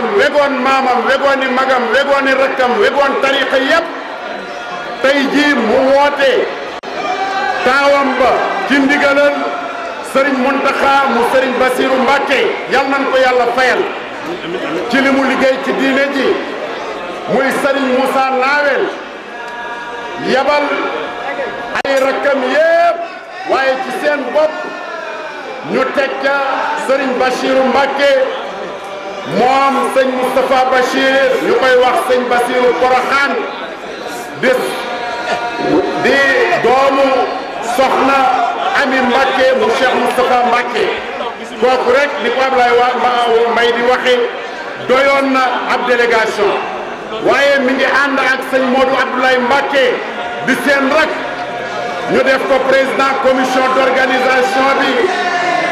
baayam wegoon maamam wegooni magam wegooni rakkam wegoon tariqa yépp tey jii mu woote taawam ba ci ndigalal sëriñ Muntaxa mu Basiiru Mbàkke yal nan ko yàlla fayal ci ci diine ji muy sëriñ Moussa Nawel yabal ay rakkam yépp waaye ci seen bopp ñu teg ca Basiiru Mbàkke moom sëñ Moustapha Bachir ñu koy wax sëñ Basiru Poroxaan bis di doomu soxna Ami Mbacke bu Cheikh Moustapha Mbacke kooku rek ni ko Ablaye waa Mbay di waxe doyoon na ab délégation waaye mi ngi ànd ak sëñ Modou Abdoulaye Mbacke di seen rak ñu def ko président commission d'organisation bi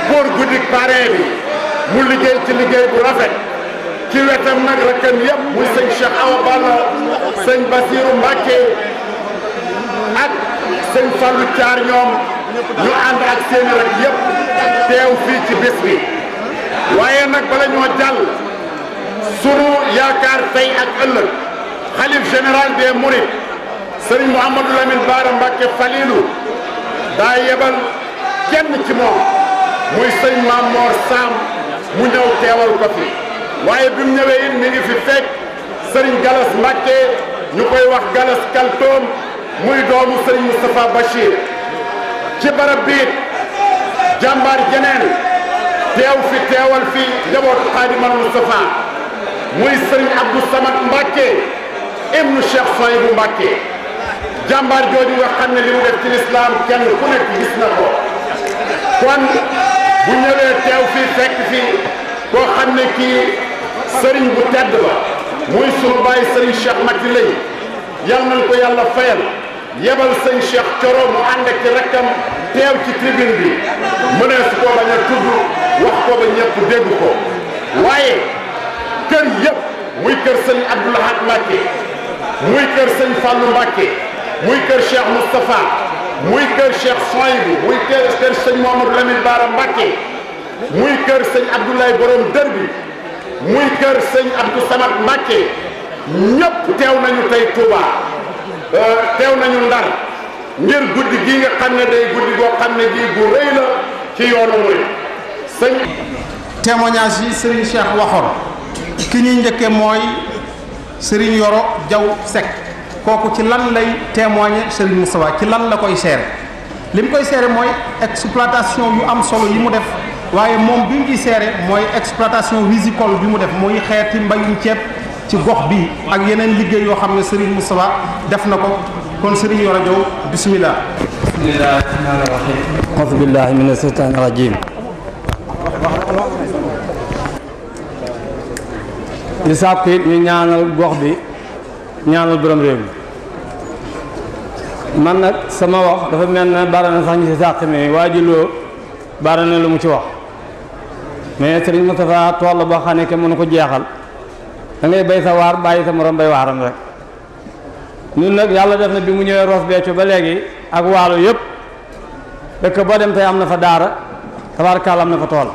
pour guddik pare mu liggéey ci liggéey bu rafet ci wetam nag rakkam yëpp muy sëñ Cheikh Awa sëñ Basiru Mbàkke ak sëñ Fallu Caar ñoom ñu ànd ak seeni rak yëpp teew fii ci waaye nag bala ñoo jàll sunu yaakaar tey ak ëllëg xalif général des Mourides sëriñ Mouhamadou Lamine Bara mu ñëw teewal ko fi waaye bi mu ñëwee it mi ngi fi fekk Serigne Galas Mbacke ñu koy wax Galas Kaltoom muy doomu Serigne Moustapha Bachir ci barab biit jàmbaar jeneen teew fi teewal fi njabootu Xaadimal Moustapha muy Serigne Abdou Samad Mbacke ibnu Cheikh Soyibu Mbacke jàmbaar jooju nga xam ne li mu ci lislaam kenn ku nekk na ko kon bu ñëwee teew fii fekk fii koo xam ne sëriñ bu tedd la muy sunu bàyyi sëriñ Cheikh Macky lay ko yàlla fayal yebal sëñ Cheikh Coro mu ànd rakkam teew ci tribune bi mënees koo bañ a tudd wax ko ba ñëpp dégg ko waaye kër yëpp muy kër sëñ Abdou Lahad Mbacké muy kër sëñ Fallou Mbacké muy kër Cheikh Moustapha muy kër Cheikh Soy bi muy kër kër sëñ Mamadou Lamine Bara Mbacké muy kër sëñ Abdoulaye Borom Dër bi muy kër sëñ Abdou Samad Mbacké ñëpp teew nañu tey Touba euh, teew nañu Ndar ngir guddi gii nga xam ne day guddi goo xam ne gii bu rëy la ci yoonu muy sëñ témoignage yi Serigne Cheikh waxoon ki ñuy njëkke mooy Serigne Yoro Diaw Seck kooku ci lan lay témoigner Serigne Moustapha ci lan la koy seere lim koy seere mooy exploitation yu am solo yi mu def waaye moom bi mu seere mooy exploitation wisicole bi mu def muy xeeti mbayum ceeb ci gox bi ak yeneen liggéey yoo xam ne Serigne Moustapha def na ko kon Serigne Yoro Diaw bismillah bismillah a'uuzu billahi mina shaytaani rajiim di sàkku ñu ñaanal gox bi ñaanal borom réew mi man nag sama wax dafa mel na bari na sax ñu si sàq mi waa ji loo bari na lu mu ci wax mais sëriñ Moustapha tool boo xam ne kenn mënu ko jeexal da bay sa waar bàyyi sa morom bay waaram rek ñun nag yàlla def na bi mu ñëwee Ross Béthio ba léegi ak waalo yëpp dëkk boo dem tey am na fa daara tabaarkalla am na fa tool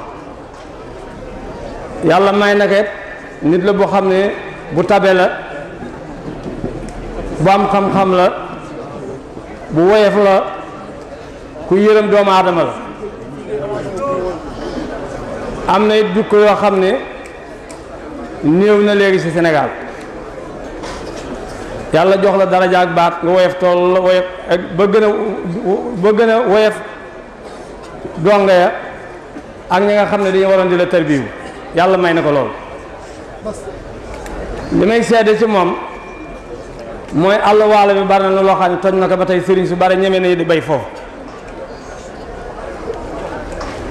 yàlla may na nit la boo xam ne bu tabe la bu am xam-xam la. bu woyof la ku yërëm doomu aadama la am na it jukko yoo xam ne néew na léegi ci Sénégal yàlla jox la daraja ak baat nga woyof tool la ba gën a ba gën a woyof donga ya ak ñi nga xam ne dañu waroon di la tarbiyu yàlla may na ko lool li may seede ci moom mooy àll waalo bi bari na loo xam ne toj na ko ba tey sëriñ su bari ñeme na di bay foofu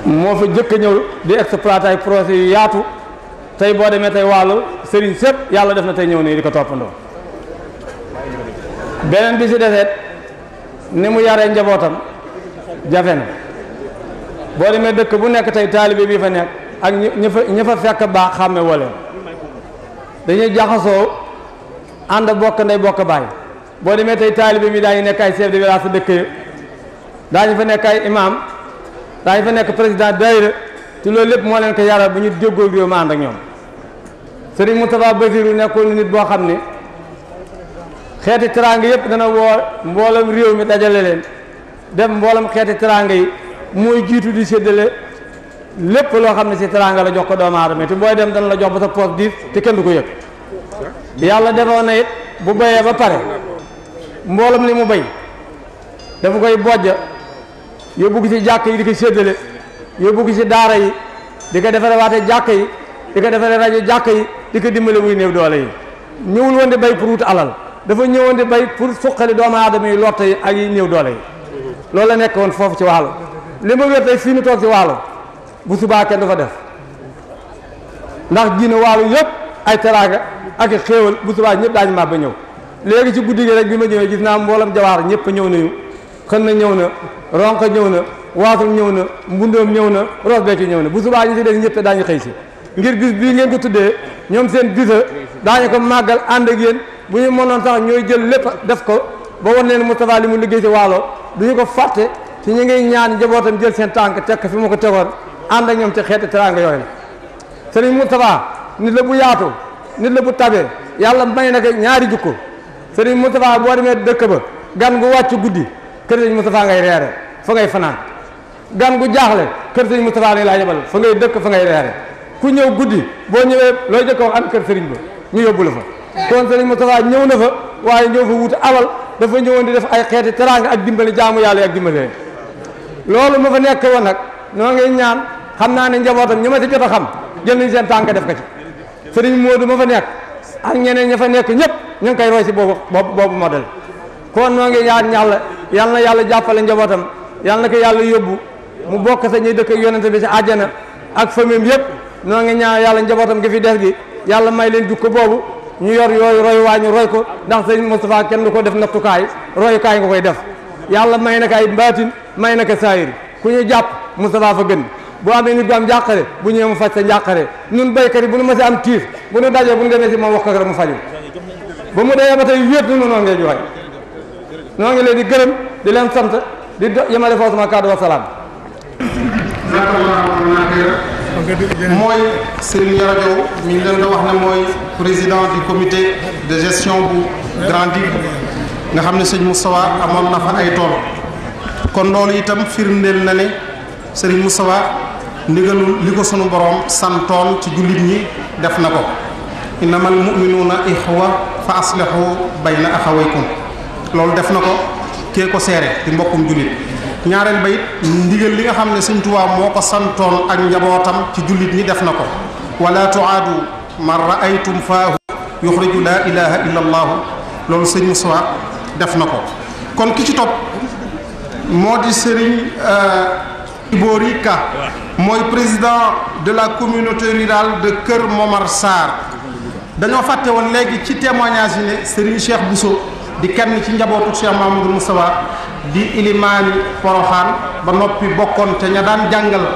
moo fa jëkk ñëw di exploité ay projet yu yaatu tey boo demee tey waalo sëriñ sëpp yàlla def na tey ñëw nii di ko toppandoo beneen bi si deseet ni mu yaree njabootam jafe na boo demee dëkk bu nekk tey taalibe bii fa nekk ak ñi fa ñi fa fekk baax xàmme wala dañuy jaxasoo ànd bokk ndey bokk baay boo demee tey taalibe mi daañu nekk ay chef de village sa dëkk ya daañu fa nekk ay imam daañu fa nekk président daayira te loolu lépp moo leen ko yaral bu ñu déggoo réew ma ànd ak ñoom sëriñ Moustapha nekkoon nit boo xam ne xeeti teraanga yëpp dana woo mboolam réew mi dajale leen dem mboolam xeeti teraanga yi mooy jiitu di séddale lépp loo xam ne si teraanga la jox ko doomu aadama te booy dem dana la jox ba sa poos diis te kenn du ko yëg yàlla defoon na yit bu béyee ba pare mboolem li mu béy dafa koy bojja yóbbu ko ci jàkk yi di ko séddale yóbbu gi ci daara yi di ko defare waate jàkk yi di ko defare rajo jàkk yi di ko dimbale wuy néew doole yi ñëwul woon di béy pour wut alal dafa ñëwoon di béy pour suqali doomu aadama yi lotte yi ak yi néew doole yi loolu la nekk woon foofu ci waalo li ma wér tey fii nu toog ci waalo bu subaa kenn dafa def ndax jiina waalo yépp ay teraanga ak xéewal bu subaa ñëpp daañu màbba ñëw léegi ci guddi gi rek bi ma ñëwee gis naa mboolam jawaar ñëpp ñëw nañu xën na ñëw na ronk ñëw na waasul ñëw na mbundoom ñëw na roos beeki ñëw na bu subaa ñi si des ñëpp daañu xëy si ngir bis bii ngeen ko tuddee ñoom seen bisa daañu ko màggal ànd ak yéen bu ñu mënoon sax ñooy jël lépp def ko ba wan leen Moustapha li mu liggéey si waalo du ñu ko fàtte ci ñu ngi ñaan njabootam jël seen tànk teg fi mu ko tegoon ànd ñoom ci xeeti teraanga yooyu la sëriñ nit la bu tabee yàlla may na ko ñaari jukko sëriñ Moustapha boo demee dëkk ba gan gu wàcc guddi kër sëriñ Moustapha ngay reere fa ngay fanaan gan gu jaaxle kër sëriñ Moustapha lay laa yebal fa ngay dëkk fa ngay reere ku ñëw guddi boo ñëwee looy jëkk wax am kër sëriñ ba ñu yóbbu la fa kon sëriñ Moustapha ñëw na fa waaye ñëw fa wuti alal dafa ñëwoon di def ay xeeti teraanga ak dimbali jaamu yàlla ak dimbali loolu ma fa nekk woon nag noo ngi ñaan xam naa ne njabootam ñi ma xam jël nañ seen tànk def ko sëriñ Modou ma fa nekk ak ñeneen ña fa nekk ñëpp ñu ngi koy roy si boobu boobu modèle kon noo ngi ñaan ñàlla yal na yàlla jàppale njabootam yal na ko yàlla yóbbu mu bokk sa ñuy dëkk ak yonente bi si àjjana ak famille yëpp noo ngi ñaan yàlla njabootam gi fi des gi yàlla may leen jukko boobu ñu yor yooyu roy waa ñu roy ko ndax sëriñ Moustapha kenn du ko def nattukaay royukaay nga koy def yàlla may na ko mbaatin may na ko saayir ku ñu jàpp Moustapha fa gën boo amee nit bu njàqare bu ñëwee mu faj sa njàqare ñun béykat yi bu nu mësee am tiif bu nu dajee bu nu demee si moom wax ko rek mu faju ba mu dee ba tey wéet nu noonu ngeen joxe noo ngi leen di gërëm di leen sant di yemale foofu sama kàddu wa salaam mooy Serigne Yoro Diaw leen di wax ne mooy président du comité de gestion bu Grand nga xam ne sëñ Moustapha amoon na fa ay tool kon loolu itam firndeel na ne Serigne Moustapha ndigalul li ko sunu boroom santoon ci jullit ñi def na ko innamal mu'minuuna ixwa fa aslihu bayna axawaykum loolu def na ko kee ko seere di mbokkum jullit ñaareel ba it ndigal li nga xam ne Sëñ Tuubaa moo ko santoon ak njabootam ci jullit ñi def na ko wala tuaadu man raaytum faahu yuxriju laa ilaha illa allaahu loolu sëñ Musaa def na ko kon ki ci topp moo di sëriñ euh, Ibori Ka mooy président de la communauté rurale de Kër Momar Sarr dañoo fàtte woon léegi ci témoignage yi ne Serigne Cheikh Bousso di kenn ci njabootu Cheikh Mamadou Moustapha di ilimaani Poroxaan ba noppi bokkoon te ña daan jàngal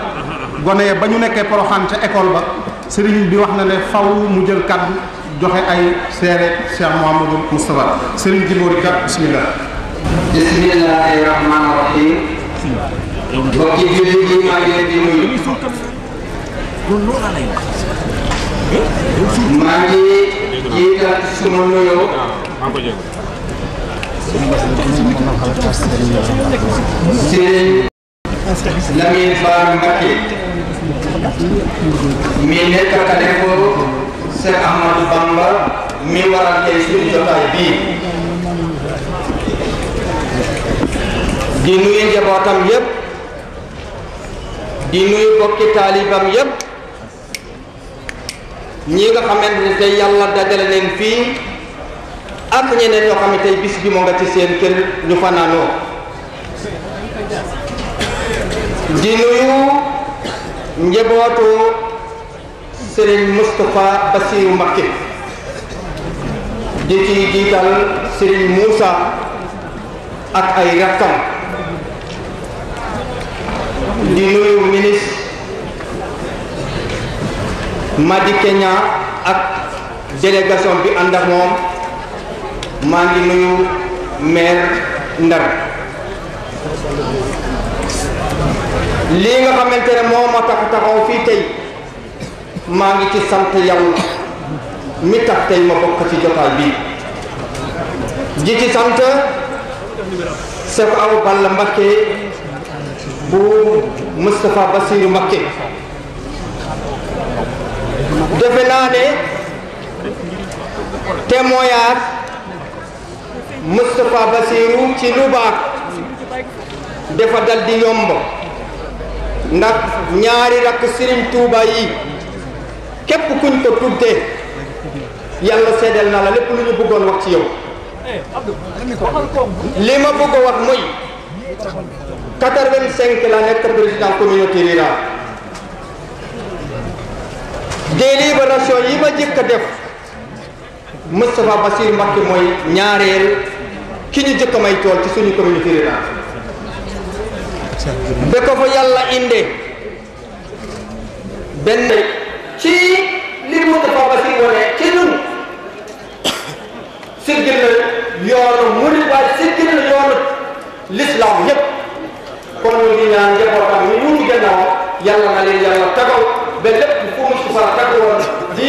gone ba ñu nekkee Poroxaan ca école ba Serigne bi wax na ne faw mu jël kàddu joxe ay seere Cheikh Mamadou Moustapha Serigne Ibori Ka bismillah bismillahirrahmanirrahim mbokk yi jullit yi maa ngi leen di nuyu. maa ngi jiital suma nuyoo. Serigne Lamine Bara Mbacké mi nekkatale ko Cheikh Ahmadou Bamba mi waral tey suñu jotaay bii di nuyu njabootam yépp di nuyu bokki taalibam yépp ñi nga xamante ne tey yàlla dajale leen fii ak ñeneen ñoo xam ne tey bis bi moo nga ci seen kër ñu fanaanoo di nuyu njabootu Serigne Moustapha Bassirou Mbacké di ci jiital Serigne Moussa ak ay rakkam di nuyu ministre Madické Niang ak délégation bi ànd ak moom maa ngi nuyu maire Ndar lii nga xamante ne moo ma tax taxaw fii tey maa ngi ci sant yàlla mi tax tey ma bokk ci jotaay bi ji ci sant Cheikh Awa Balla Mbacké bu Moustapha Bassirou Mbacké defe naa ne témoignage Moustapha Bassirou ci lu dafa dal di yomb ndax ñaari rakk Serigne Touba yi képp kuñ ko tuddee yàlla seedeel na la lépp lu ñu bëggoon wax ci yow li ma bëgg wax mooy 85 la nekk président communauté rurale délibération yi ma jëkk a def Moustapha Bassir Mbacké mooy ñaareel ki ñu jëkk may tool ci suñu communauté rurale ba fa yàlla inde benn ci li Moustapha Bassir wane ci ñun siggil na yoonu murid waaye siggil na yoonu l'islam yépp kon ñu ngi ñaan njabootam ñu wutu gannaaw yàlla na leen yàlla tagaw ba lépp fu Moustapha tagawoon di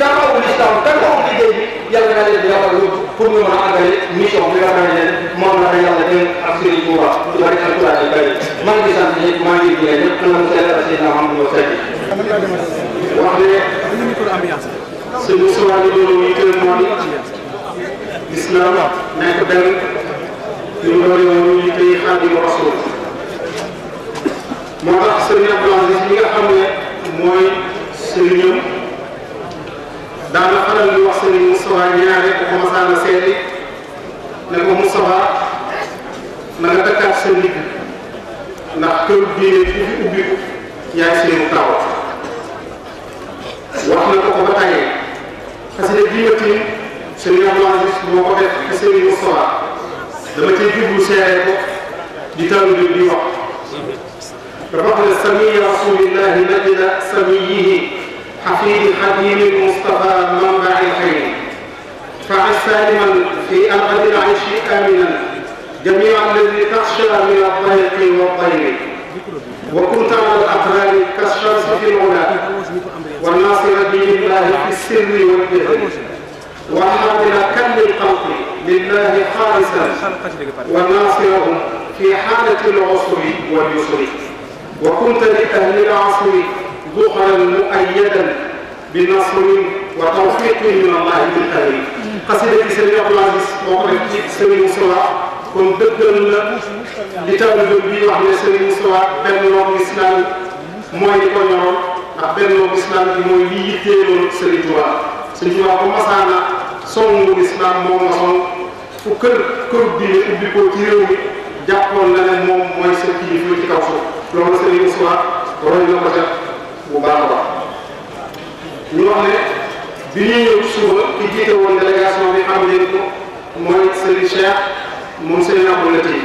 taxaw l'islam tagaw liggéey bi yàlla na leen yàlla yóbbu pour ñu mën a àggale mission bi nga xam ne moom la ko yàlla jël ak Serigne Touba bari alquran yi bari maa ngi sant ñëpp maa ngi gërëm ñëpp na mu sell ak Seydina Mahamadou Seck wax ne sëñ Moustapha ni doon ñu tëral moo ni islam nekk benn ñu doon yoon ñu tëy Xaadimu Rasuul moo tax sëriñ Abdou Aziz li nga xam ne mooy sëriñam daan na faral di wax sëriñ Moustapha ñaare ko masaan a seeti ne ko Moustapha na nga takkaat sa ndigg ndax kër diine ku fi ubbi yaay seenu taw wax na ko ba tàyyee xasida bii nga tiim sëriñ moo ko def ci sëriñ dama cee jublu seere ko di taw bi wax رفعنا سمي رسول الله مجد سميه حفيد حكيم المصطفى منبع الخير فعش سالما في أبد العيش آمنا جميع الذي تخشى من الضيق والطيب وكنت على الأقران كالشمس في العلا والناصر دين الله في السر والجهل وحاضر كل الخلق لله خالصا وناصرهم في حالة العسر واليسر وكنت لأهل العصر ظهرا مؤيدا بنصر وتوفيق من الله من أهله قصيدة سيدنا عبد العزيز وقرأت سيدنا مصطفى kon dëggal la li taalibe bi wax ne Serigne Moustapha benn loolu islam mooy li ko ñoroon islam bi mooy li yitteeloon Serigne Touba Serigne Touba bu masaana songu islam moom la song fu kër kër diine ubbi ko ci réew mi jàppoon na ne moom mooy sa loolu Serigne Moussa roy na ko jot bu baax a baax ñu wax ne bi ñuy ñëw suba ki jiite woon délégation bi am ngeen ko mooy Serigne Cheikh moom Serigne Abdou Latif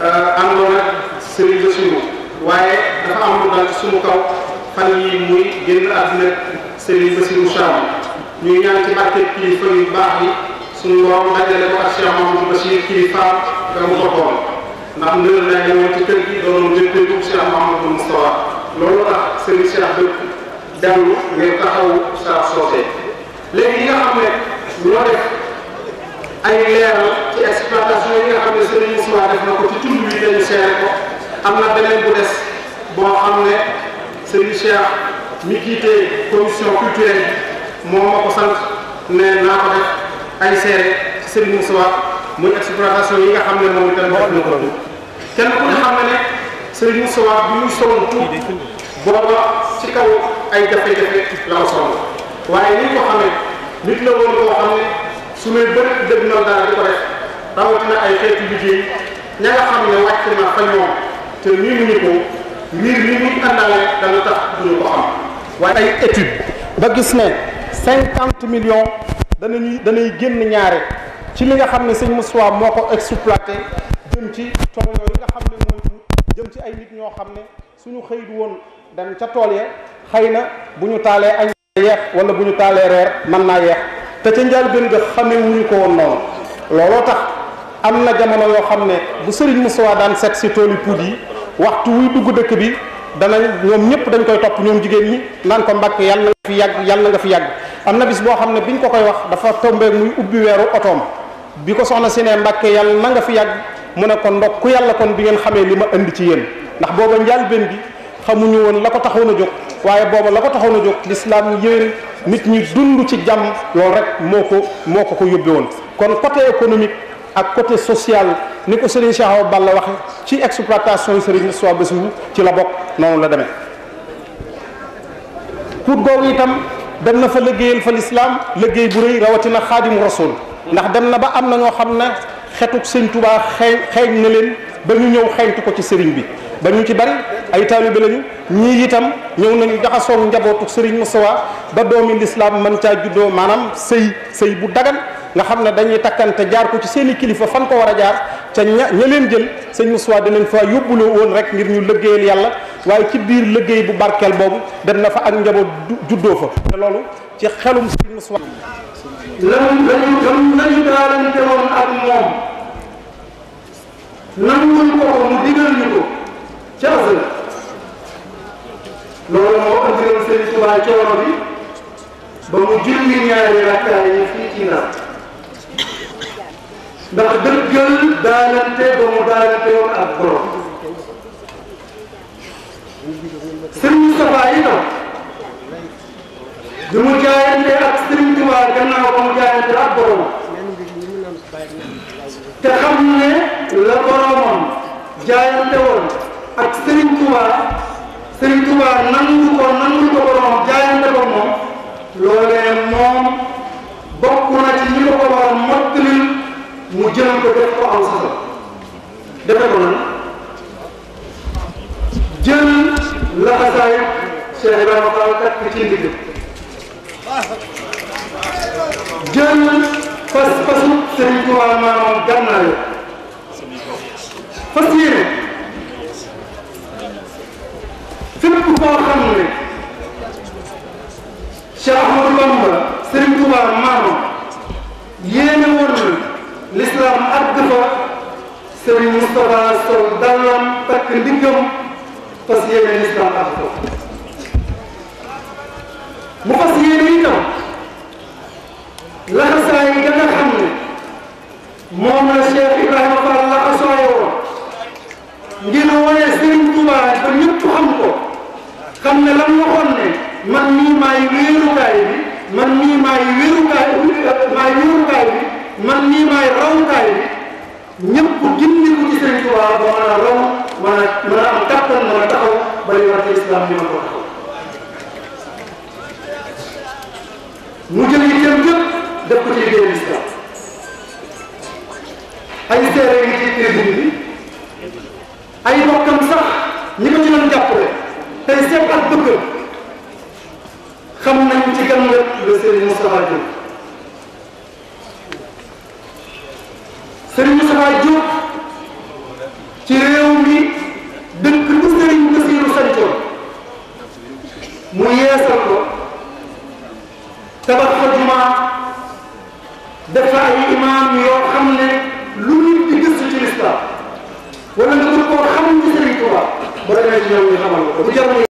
euh, àndoon ak Serigne Bassirou waaye dafa am lu dal suñu kaw fan yi muy génn àdduna Serigne Bassirou Cham ñuy ñaan ci barke kilifa yu baax yi suñu borom dajale ko ak Cheikh Mamadou Bachir kilifa nga mu toppoon ndax ndëral naa ñëwoon ci kër gi doonoon jëkkëru Cheikh Mouhamadou Moustapha loolu tax sëriñ Cheikh dëkk dellu ngir ne am na jiite commission culturelle moom ma ko naa ko def ay seere ci sëriñ Moustapha muy exploitation yi nga xam ne moom itam def na ko kenn ku ne xam ne ne Serigne Moussa bi muy soloon booba ci kaw ay jafe-jafe la ko waaye ni ko xamee nit la woon koo xam ne su may bëri dëgg na dara di ko def rawatina ay xeetu liggéey ña nga xam ne wàcc na fa ñoom te nii mu ñu ko mbir mi muy àndaale dana tax duñu ko xam waaye ay étude ba gis ne cinquante millions danañuy danay génn ñaare ci li nga xam ne sëñ Moustapha moo ko exploité jëm ci tool yooyu nga xam ne mooy jëm ci ay nit ñoo xam ne suñu xëy du woon dem ca tool ya xëy na bu ñu taalee añ yeex wala bu ñu taalee reer mën naa yeex te ca njaal gën nga xamee wuñu ko woon noonu looloo tax am na jamono yoo xam ne bu sëriñ Moustapha daan set si toolu puud yi waxtu wuy dugg dëkk bi danañ ñoom ñëpp dañ koy topp ñoom jigéen ñi naan ko mbàkk yàlla na nga fi yàgg yàlla na nga fi yàgg am na bis boo xam ne biñ ko koy wax dafa tombeek muy ubbi weeru otoom bi ko soxna si ne yàlla na nga fi yàgg mu ne kon ndok ku yàlla kon bi ngeen xamee li ma indi ci yéen ndax booba njëlbéen bi xamuñu woon la ko taxoon a jóg waaye booba la ko taxoon a jóg lislaam yéen nit ñi dund ci jàmm loolu rek moo ko moo ko ko yóbbe woon kon côté économique ak côté social ni ko Serigne Cheikh Awa Balla waxe ci exploitation Serigne soo Bassirou ci la bokk noonu la demee kuut googu itam dem na fa liggéeyal fa lislaam liggéey bu rëy rawatina xaadimu rasul ndax dem na ba am na ñoo xam ne xetuk sëñ tubaa xeeñ xeeñ na leen ba ñu ñëw xeeñtu ko ci sëriñ bi ba ñu ci bari ay taalibe lañu ñii itam ñëw nañu jaxasoog njabootu sëriñ Moustapha ba doomi lislaam mën caa juddoo maanaam sëy sëy bu dagan nga xam ne dañuy takkante jaar ko ci seen i kilifa fan ko war a jaar ca ña ña leen jël sëñ Moustapha dinañ fa yóbbuloo woon rek ngir ñu lëggéeyal yàlla waaye ci biir lëggéey bu barkeel boobu dem na fa ak njaboot juddoo fa te loolu ci xelum sëriñ Moustapha lan lañu gëm nañu woon ak moom nanguñ ko ko mu digal ñu ko ci asal loolu moo andiloon Sëriñ Tuubaa coono bi ba mu julli ñaari rakkaay yi fii ci Ndar ndax dëggal daalante ba mu daalante woon ak borom Sëriñ Mustafaa itam li mu jaayante ak Serigne Touba gannaaw ba mu jaayante ak borom te xam ne la boromam jaayante woon ak Serigne Touba Serigne Touba nangu ko nangu ko boromam jaayante ko moom loolee moom bokk na ci ñi ko ko war a mottali mu jël ko def ko aw sasa defe ko nan jël laxasaay Cheikh Ibrahima Fall takk ci ndigg jël fas fasu Sëriñ Tuubaa maanaam gànnaaw fas yéene fépp koo xam ne Cheikh Ahmadou Bamba Sëriñ Tuubaa maanaam yéene woon na l'islam àgg fa Sëriñ Moustapha sol dàllam takk ndiggam fas yéene l'islam àgg fa mu fas yéene itam laxasaay yi xam ne moom la Cheikh Ibrahima Fall la asooye ngir wane Serigne Touba ba ñëpp xam ko xam ne lan waxoon ne man mii maay wéerukaay bi man mii maay wéerukaay bi man mii maay rawukaay bi ñëpp gindi ko ci Serigne Touba ba mën a raw mën a am kattan mën a taxaw ba li war ci islam ko taxaw mu jël yitteem yëpp def ko ci liggéeyu l'islam ay teere yi ci tribune bi ay bokkam sax ñi ko ci doon jàppale tey seet ak bëgg xam nañ ci gan la le Serigne Moustapha Diop Serigne Moustapha Diop ci réew mi dënk bu Serigne Bassirou mu yeesal ko tabax fa jumaa def fa ay imaam yoo xam ne lu nit di gëstu ci lislaam wala nga gën koo xamul ci Sëriñ Tuuba ba demee ci ñoom ñu xamal ko bu jar muy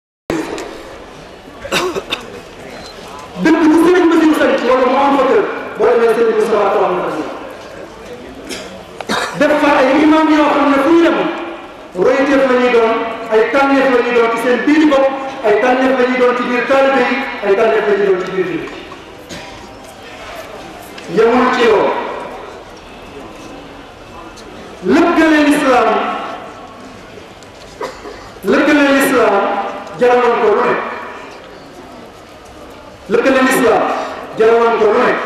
dëkk bu sëriñ ba siñ sant wala mu am fa kër ba demee sëriñ Moustapha ko am na ko def fa ay imaam yoo xam ne fu ñu dem royteef la ñuy doon ay tànneef la ñuy doon ci seen biir bopp ay tànneef la ñuy doon ci biir taalibe yi ay tànneef la ñuy doon ci biir yemul ci yow lëkkale lislaam lëkkale lislaam jaraloon ko lu nekk lëkkale lislaam jaraloon ko lu nekk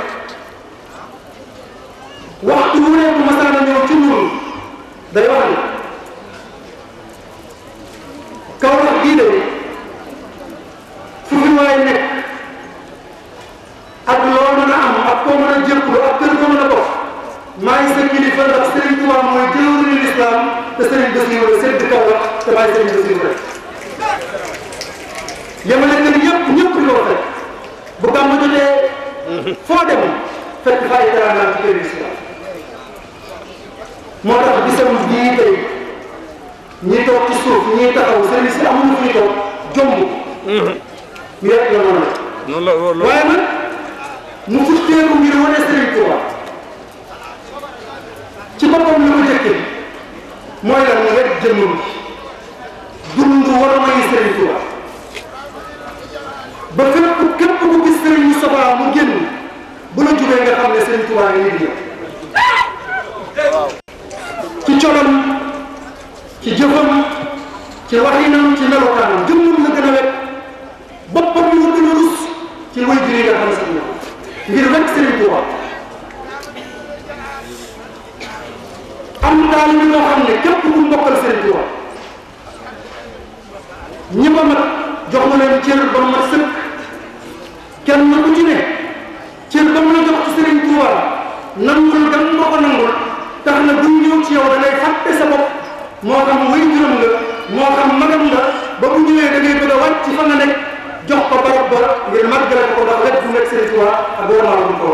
waxtu wu nekk masaana ñëw ci ñun day wax koo mën a jébbalu ak kër koo mën a bopp maa ngi sa kilifa ndax Serigne Touba mooy jëwriñu lislaam te Serigne Bassirou la sedd kaw la te maay Serigne Bassirou rek. yemale kër yëpp ñëpp ñu ko fekk bu gàmm jotee foo dem fekk faa yi dara naan ci kër lislaam moo tax bisam bii tey ñi toog ci suuf ñi taxaw Serigne si amuñu fi ñu toog jomb. ñu mm-hmm. rek la noonu la. noonu la waaye nag. mu futteeku ngir wane Sëriñ Tuubaa ci boppam li mu njëkk mooy lan rek jëmmam dund war a may Sëriñ Tuubaa ba fépp képp ku gis Sëriñ Moustapha mu génn bu la jugee nga xam ne Sëriñ Tuubaa nga nit yow ci colom ci jëfam ci waxinam ci melokaanam jëmmam la gën a wet boppam la gën a ci way jiri nga xam ngir rek Serigne Touba am na daal li xam ne képp ku mbokkal Serigne Touba ñi ma mat jox ma leen cër ba ma sëkk kenn ku ci ne cër ba mu la jox ci Serigne Touba nangul gan nga ko nangul tax na duñ ñëw ci yow da ngay fàtte sa bopp moo xam wéy juróom nga moo xam magam nga ba bu ñëwee da ngay bëgg a wàcc fa nga nekk. jox ko barab ba ngir màggale ko ndax lépp du nekk Sëriñ Tuubaa ak warmaa bu ko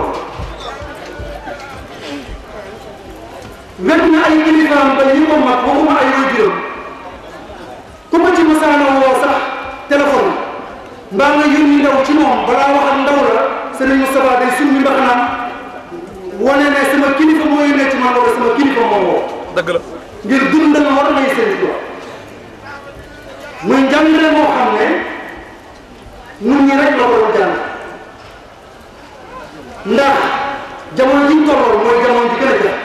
wet na ay kilifaam ba ñi ko mag waxuma ay waajuram ku ko ci masaana woo sax téléphone mbaa nga yónni ndaw ci moom balaa wax ak ndaw la Sëriñ Moustapha day summi mbaxanaam wane ne sama kilifa moo yónnee ci man wala sama kilifa moo woo dëgg la ngir dundal war may Sëriñ Tuubaa muy njàngale moo xam ne nit ñi rek la ko jàng ndax jamono ji ñu tolloon mooy jamono ji gën a jax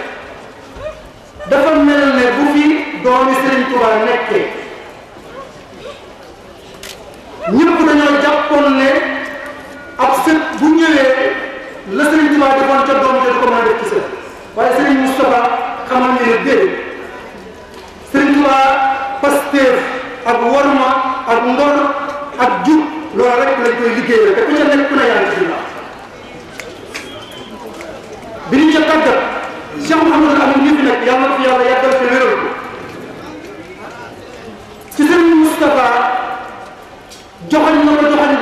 dafa mel ne bu fi doomi Sëriñ Tuuba nekkee ñëpp dañoo jàppoon ne ab sët bu ñëwee la Sëriñ Tuuba defoon ca doom te du ko mën a def ci Sëriñ Moustapha xamal ne ne déedéet ak warma loolu rek lañ koy liggéeyal te ku ca nekk ku ne yaa ngi ci ginnaaw bi ñu ca tàggat Cheikh Mouhamadou Amine ñu fi nekk yàlla fi yàlla yàggal fi wéral ko ci sëriñ Moustapha joxoñ na ko joxoñ ne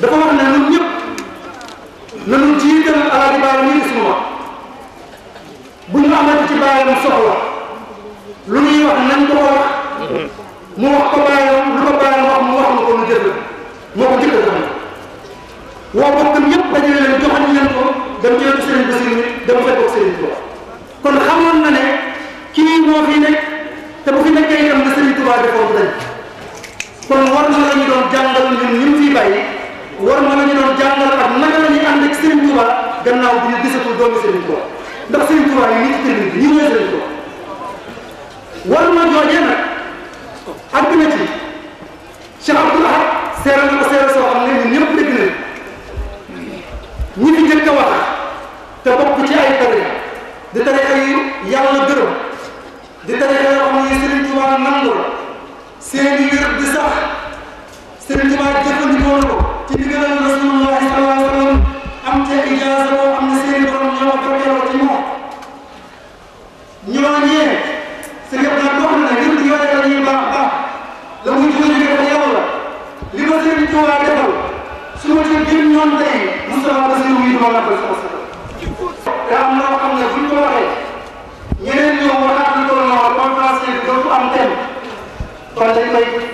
dafa wax ne ñun ñëpp nañu jiital alaaji baara nii suma bu ñu amati ci baayam dañ koy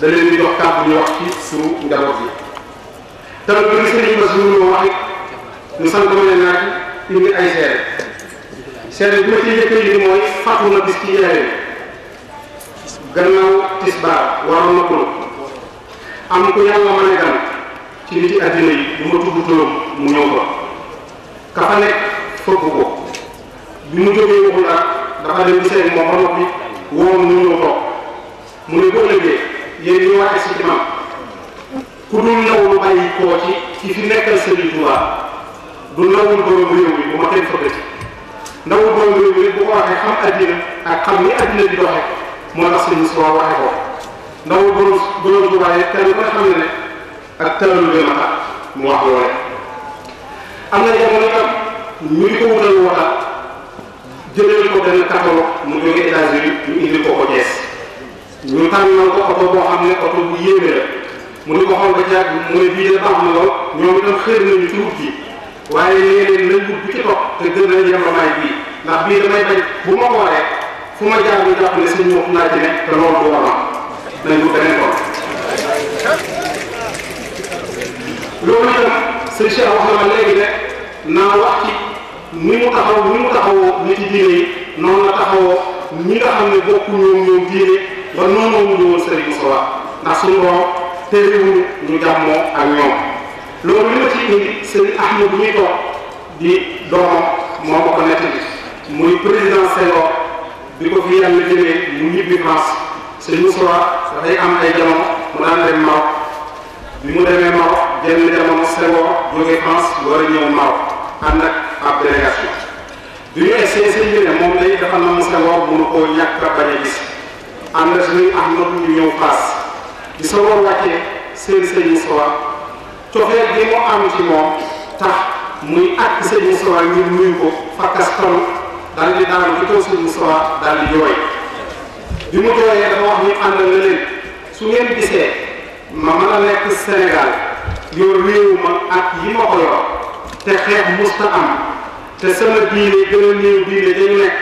da leen di jox kàddu ñu wax ci suñu njaboot yi tamit bi sëriñ Bassirou ñoo wax it ñu sant ma leen nag indi ay seere seere bi ma ci njëkk yi mooy fàttu na bis ci yeeree gannaaw tisbaar waroon na ko am ku yàlla ne gan ci nit ci àddina yi bu ma tudd mu ñëw ba ka fa ko bi mu jógee mu ñëw mu ne bu ëllëgee yéen ñi waxee si imam ku dul nawul bàyyi koo ci ki fi nekkal Sëriñ Tuubaa du nawul borom réew mi bu ma kenn fëggati nawul borom réew mi bu ko waxee xam addina ak xam ni addina di doxe moo tax sëriñ Tuubaa waxee ko nawul borom borom Tuubaa yi kenn xam ne ne ak tëralu bi mu wax loole am na jamono itam ñu ngi ko wutal wota jëlee ko benn katalo mu jóge États-Unis ñu indi ko ko Thiès ñu tànnal ko oto boo xam ne oto bu yéeme la mu ni ko ba jàgg mu ne bii de baax na lool ñoom itam xër nañu ci wut ji waaye nee leen nañ a ma wooree fu naa ci ne a léegi ne naa wax ci ni mu taxaw ni mu taxawoo nit yi diine yi taxawoo ñi nga xam ne bokku ñoom ñoom diine ba noonu wuñu woon Serigne Sowa ndax suñu borom terewul ak ñoom di doomam moo président Senghor bi fi yàlla jëlee mu ñibbi France Serigne Sowa dafay am ay jamono mu daan dem Maroc bi mu demee Maroc jenn jamono Senghor a ñëw Maroc ñu gis. ànd ak ñuy Ahmad ñu ñëw Fass bi soo ko wàccee seen sëñ Moustapha cofeet gi mu am ci moom tax muy àkk sëñ Moustapha ngir nuyu ko fakkas tol daal di daanu ci kaw sëñ Moustapha daal di jooy bi mu jooyee dafa wax ñu ànd na leen su ngeen gisee ma mën a nekk Sénégal yor réew ak yi ma ko te xeex musta am te sama diine gën a néew diine dañu nekk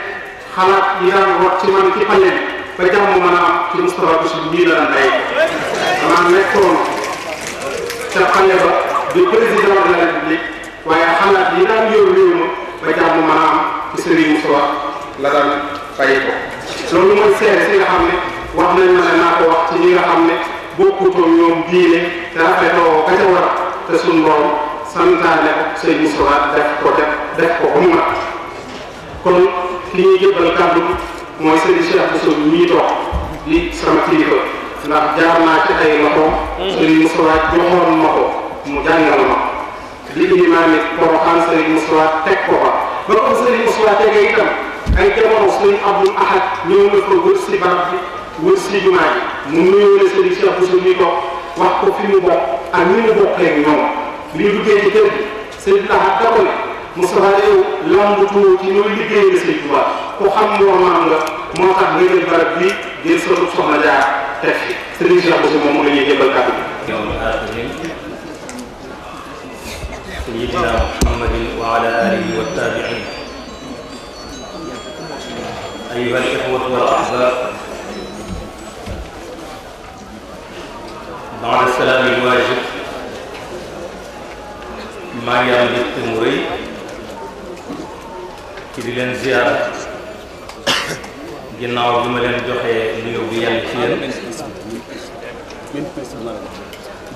xalaat yi daan ci man ci pale bi ba jamono mën a am ci Moustapha Bachir mii la daan bàyyi damaa nekkoon ca xale ba di président de la république waaye xalaat yi daan yor réew ma ba jamono mën a am ci Serigne Moustapha la daan bàyyi ko loolu mooy seere si nga xam ne wax nañ ma ne naa ko wax ci ñi nga xam ne bokkutoo ñoom diine te rafetoo ka ca war te suñu borom santaane ko Serigne Moustapha def ko def def ko ba mu mat kon li ñuy jëbbal kàddu mooy sëriñ Cheikh Bousso mii toog li sama kilifa ndax jaar naa ci ay loxo sëriñ Moustapha joxoon ma ko mu jàngal ma li ilimaami Porokhane sëriñ Moustapha teg ko fa ba ko sëriñ Moustapha tegee itam ay jamono sëriñ Abdul Ahad ñëw na ko wër si barab bi wër si mu nuyoo ne sëriñ Cheikh Bousso mii toog wax ko fi mu bokk ak ni mu bokkee ak ñoom lii duggee ci kër gi sëriñ ko ne Moustapha day lambatu ci ñooy liggéeyal Sëñ Tuubaa ku xam loo maam nga moo tax nga jël barab bi jël sa lu soxna jaar teg fi Sëriñ Cheikh Bousso moom mu la ñuy jébal kàddu bi. Sayyidina Muhammadin wa ala alihi wa tabi'in أيها الإخوة والأحباب بعد السلام الواجب maa ngi am mbégte mu rëy ci di leen ziyaara ginnaaw bi ma leen joxee nuyoo bu yàlla ci yéen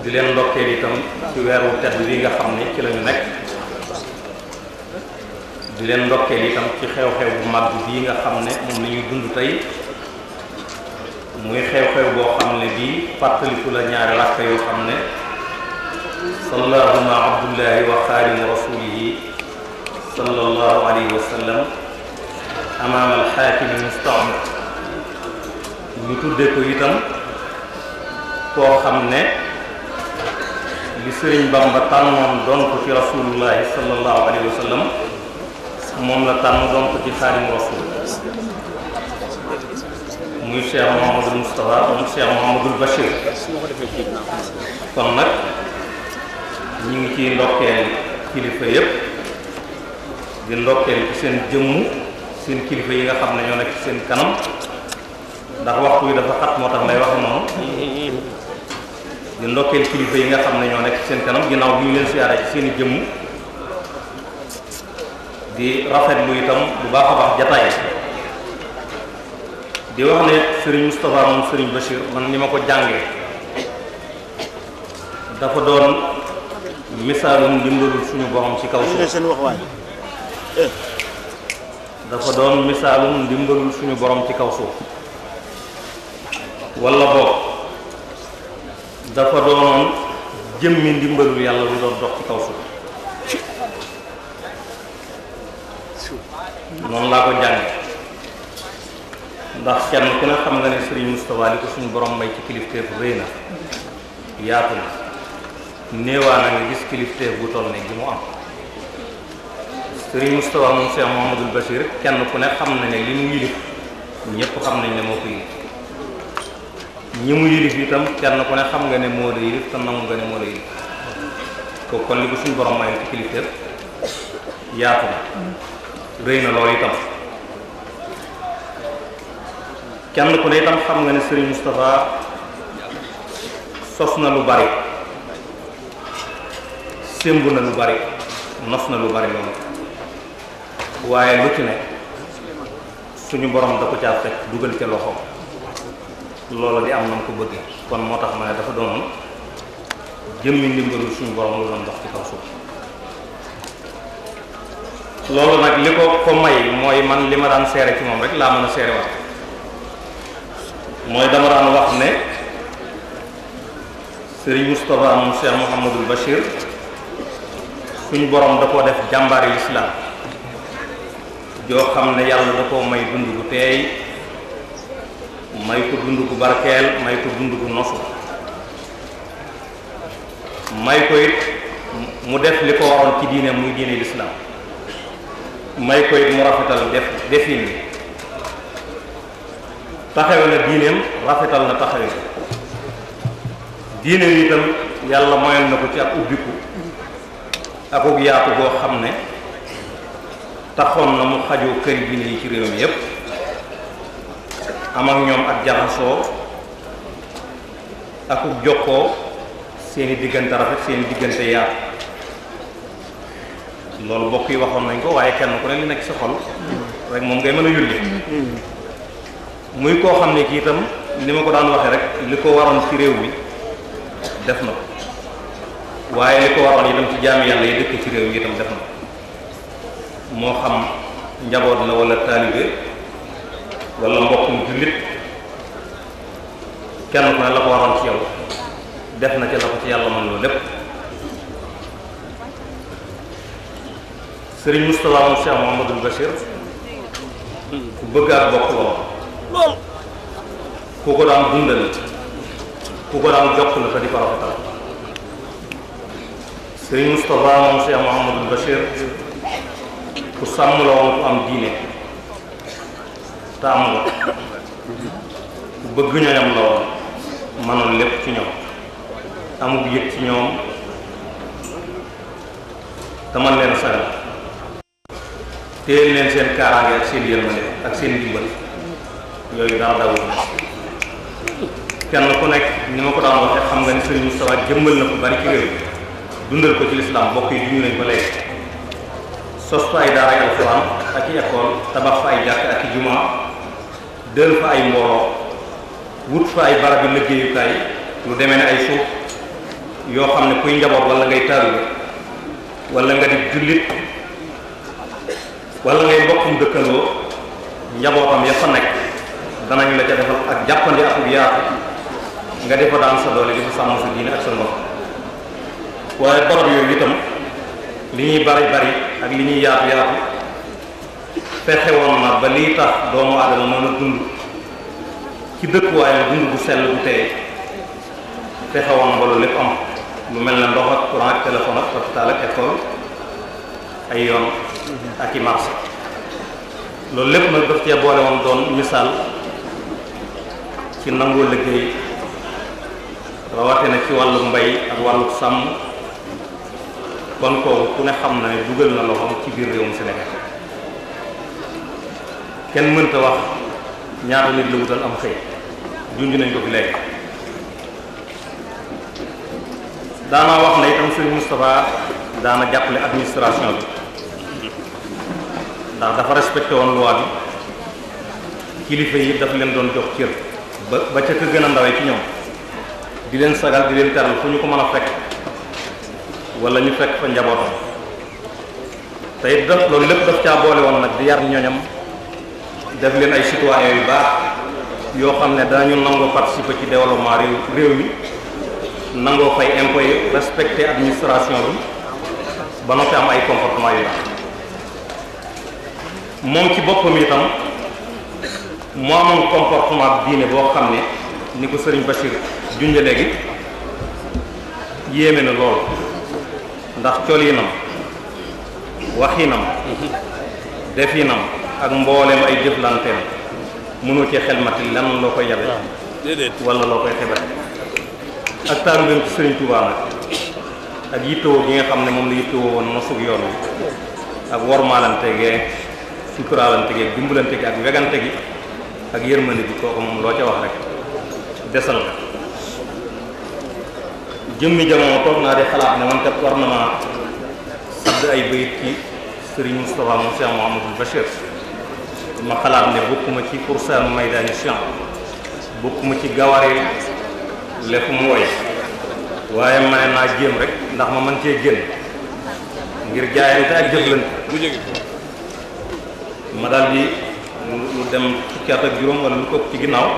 di leen ndokkeel itam ci weeru tedd wi nga xam ne ci lañu nekk di leen ndokkeel itam ci xew-xew bu mag bii nga xam ne moom la ñuy dund tey muy xew-xew boo xam ne bii fàttaliku la ñaari rakk yoo xam ne sallallahu ma abdullahi wa sallallahu alayhi wa sallam amaam alxaakimi musta'mar ñu tuddee ko itam koo xam ne li sëriñ Bamba tànnoon doon ko ci rasulullahi sallallahu alayhi wa sallam moom la tànn doon ci xaadim rasul muy Cheikh Mouhamadul Moustapha muy Cheikh Mouhamadul Bachir kon nag ñu ngi ciy ndokkeel kilifa yépp di ndokkeel ci seen jëmm seen kilifa yi nga xam ne ñoo nekk seen kanam ndax waxtu wi dafa xat moo tax may wax noonu di ndokkeel kilifa yi nga xam ne ñoo nekk seen kanam ginnaaw bi ñu leen siyaare ci seen jëmm di rafet rafetlu itam bu baax a baax jataay di wax ne sëriñ Moustapha moom sëriñ Bachir man ni ma ko jàngee dafa doon misaalum dimbalul suñu borom ci kaw suuf dafa doon misaalum ndimbalul suñu boroom ci kaw suuf wala boog dafa doonoon jëmmi ndimbalul yàlla lu doon dox ci kaw suuf noonu laa ko jànge ndax kenn ku ne xam nga ne Serigne Moustapha suñu borom may ci kilifteef rëy na yaatu na néewaa na nga gis kilifteef bu toll ne gi mu am sëriñ Moustapha moom Cheikh Mouhamadul kenn ku ne xam na ne li mu yilif ñëpp xam nañ ne moo ko yilif ñi mu yilif itam kenn ku ne xam nga ne moo la yilif te nangu nga ne ko kon li ko suñu borom mayoon ci yaatu na rëy na loolu itam kenn ku ne itam xam nga ne sëriñ Moustapha sos na lu bari sémb na lu bari nos na lu bari loolu waaye lu ci ne suñu borom da ko caa fekk dugal ca loxo loola di am na ko bëggee kon moo tax ma ne dafa doonoon jëmmi ndimbalu suñu borom lu doon dox ci kaw suuf loolu nag li ko ko may mooy man li ma daan seere ci moom rek laa mën a seere wax mooy dama daan wax ne sëriñ Moustapha moom Cheikh Mouhamadul Bachir suñu boroom da koo def jàmbaari lislaam joo xam ne yàlla da koo may dund gu teey may ko dund gu barkeel may ko dund gu nosu may ko mu def li ko waroon ci diine muy diine lislaam may ko it mu rafetal def defin bi taxawe na diineem rafetal na taxawe diineem itam yàlla mayoon na ko ci ak ubbiku akuk yaatu goo xam ne taxoon na mu xajoo kër bii nii ci réew mi yépp am ak ñoom ak jaxasoo akuk jokkoo seeni diggante rafet seeni diggante yaar loolu bokk yi waxoon nañ ko waaye kenn ku ne li nekk ci xol rek moom ngay mën a yulli muy koo xam ne kii itam li ma ko daan waxe rek li ko waroon ci réew mi def na ko waaye li ko waroon itam ci jaami yàlla yi dëkk ci réew mi itam def na ko moo xam njaboot la wala taalibe wala mbokkum jullit kenn ku ne la ko ci yow def na ci la ko ci yàlla mën loolu lépp sëriñ Moustapha moom Cheikh Mouhamadul ku bëgg ak bokk lool ku ko daan dundal ku ko daan jokk la te di ko rafetal sëriñ Moustapha moom Cheikh ku sàmm la woon ku am diine taamu la ku bëgg ñoñam la woon manoon lépp ci ñoom amul yëg ci ñoom te man leen sagal téye leen seen kaaraange ak seen yërmande ak seen dimbal yooyu dara dawul kenn ku nekk ñu ma ko daan waxee xam nga ni sëriñ Moustapha jëmmal na ko bari ci réew dundal ko ci lislaam mbokk yi du ñu ba léegi sos fa ay daaray alxuraan ak i école tabax fa ay jàkk ak i juma dël fa ay mbooloo wut fa ay barabi liggéeyukaay lu demee ne ay suuf yoo xam ne kuy njaboot wala ngay taalibe wala nga di jullit wala ngay mbokkum dëkkandoo njabootam ya fa nekk danañ la ca defal ak jàppandi ak yaatu nga defa daan solo doole di fa sàmm sa diine ak sa mbokk waaye barab yooyu itam li ñuy bari bari ak li ñuy yaatu yaatu fexe woon na ba lii tax doomu aadama mën a dund ci dëkkuwaayam dund bu sell bu tey fexe na ba loolu lépp am lu mel ne ndox ak courant ak téléphone ak hôpital ak école ay yoon ak i marché loolu lépp nag daf cee boole woon doon misaal ci nangoo liggéey rawatina ci wàllu mbay ak wàllu sàmm kon kooku ku ne xam na ne dugal na loxoom ci biir réewum Sénégal kenn mënta wax ñaata nit la wutal am xëy junj nañ ko fi léegi daanaa wax na itam sëñ Moustapha daana jàppale administration bi ndax dafa respecté woon loi bi kilifa yi daf leen doon jox cër ba ba ca ka gën a ndawee ci ñoom di leen sagal di leen teral fu ñu ko mën a fekk wala ñu fekk fa njabootam te it daf loolu lépp daf caa boole woon nag di yar ñoñam def leen ay citoyen yu baax yoo xam ne danañu nangoo participer ci développement réew réew mi nangoo fay impôt yi respecter administration bi ba noppi am ay comportement yu moom ci boppam itam mu amoon comportement diine boo xam ne ni ko sëriñ Bachir junj léegi yéeme na lool. ndax def waxinam nam ak mbooleem ay jëflanteem mënu ci xelmati lan loo koy yabe ah. wala loo koy xebate ak taaru bém sëriñ Tuubaa nag ak yittewoo gi nga xam ne moom la yittewoo woon nosug yoon wi ak wormaalante gee suturaalante gee dimbalante gi ak wegante gi ak yërmande gi kooku moom loo ca wax rek desal nga jëmmi jamono toog naa di xalaat ne man kat war na maa sadd ay bayit ci Serigne Moustapha moom Cheikh Mouhamadul Bachir ma xalaat ne bokkuma ci poursan maydani Cheikh bokkuma ci gawaree lefu mu woy waaye ma ne naa jéem rek ndax ma man cee génn ngir jaayante ak jëflante ma daal di lu dem fukki at ak juróom wala lu ko ci ginnaaw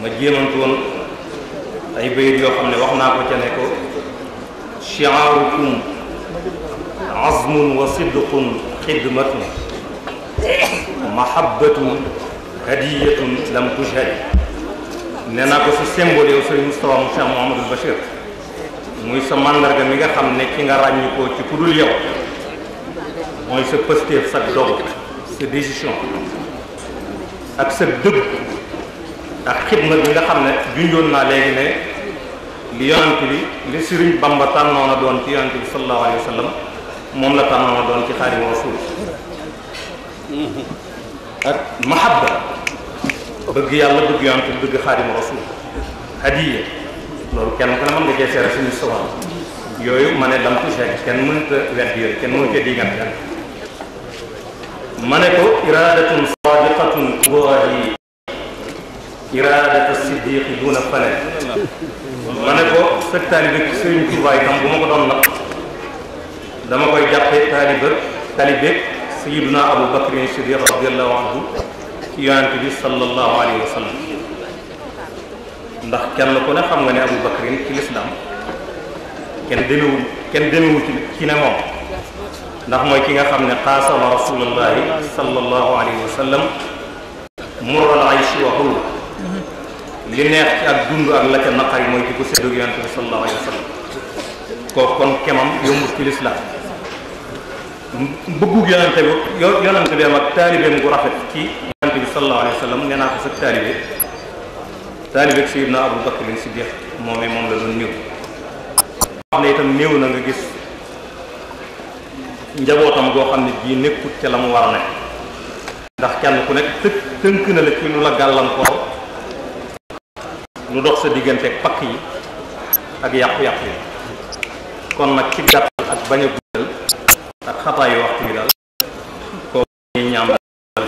ma jéemantu woon ay bayit yoo xam ne wax naa ko ca ne ko shi'arukum azmun wa sidqun xidmatun mahabbatun hadiyatun lam tujhad nee naa ko su symbole yow sëriñ Moustapha mu Cheikh Mouhamadul Bachir muy sa màndarga mi nga xam ne ki nga ràññi ko ci ku dul yow mooy sa pësteef sa dog sa décision ak sa dëgg ndax xidma bi nga xam ne junjoon naa léegi ne li yonent bi li Sëriñ Bamba tànnoon a doon ci yonent bi sallallahu alayhi wa moom la tànnoon a doon ci Xaadimu Rasuul ak mahabba bëgg yàlla bëgg yonent bëgg Xaadimu Rasuul hadiya loolu kenn ku ne mën yooyu ma ne dama ko seet kenn mënut a yooyu kenn mënut a digal ma ne ko iradatun sadiqatun iraadatu siddiqi duna faneen ma ne ko sa taalibe Sëriñ Tuubaa itam bu ma ko doon natt dama koy jàppee taalibe taalibe sayyiduna Abu Bakrin Siddiq radiyallahu anhu ci yonent bi sallallahu ndax kenn ku ne xam nga ne Abu Bakrin ci lislaam kenn demewul kenn moom ndax mooy ki nga xam ne xaasama rasulullahi sallallahu alayhi wa sallam mural li neex ci ak dund ak la ca naqari mooy di ko seddoog yonente bi sallallahu alayhi wa sallam kooku kemam yombut ci lislaam bëggug yonente bi yonente bi ak taalibeem gu rafet ci yonente bi sallallahu naa ko sa taalibe taalibe Seydina Abu Bakr Siddiq moomee moom la doon néew wax ne itam néew na nga gis njabootam goo xam ne jii nekkut ca la mu war a nekk ndax kenn ku nekk tënk na la ci lu la gàllankoor lu dox sa diggante ak pakk yi ak yàqu-yàqu yi kon nag ci gàttal ak bañ a guddal ak xataa waxtu yi daal koo ñuy ñaambal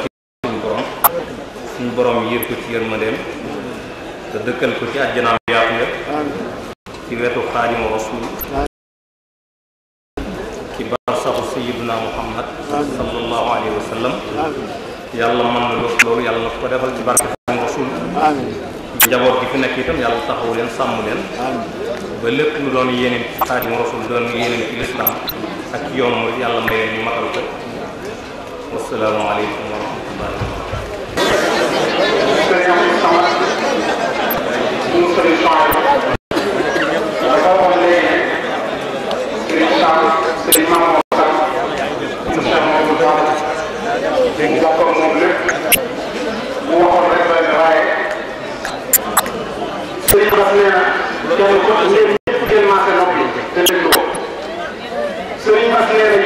ci suñu borom suñu borom yiir ko ci yërmandeem te dëkkal ko ci àjjanaam yaatu ya ci wetu xaadimu rasul ci muhammad sallallahu alayhi wa yàlla mën na loolu yàlla na ko defal ci barke xaadimu rasul njaboot gi fi nekk itam yàlla taxaw leen sàmm leen ba lépp lu doon yéeneen ci Xaadimu Rasuul doon yéeneen ci lislaam ak yoonu mooy yàlla may leen ñu matal ko wassalaamu aleykum wa rahmatullahi wa barakatuh sëriñ Moussa Sëriñ Bass nee na kenn ku ñëpp ngeen maase noppi te déglu ko Sëriñ Bass nee na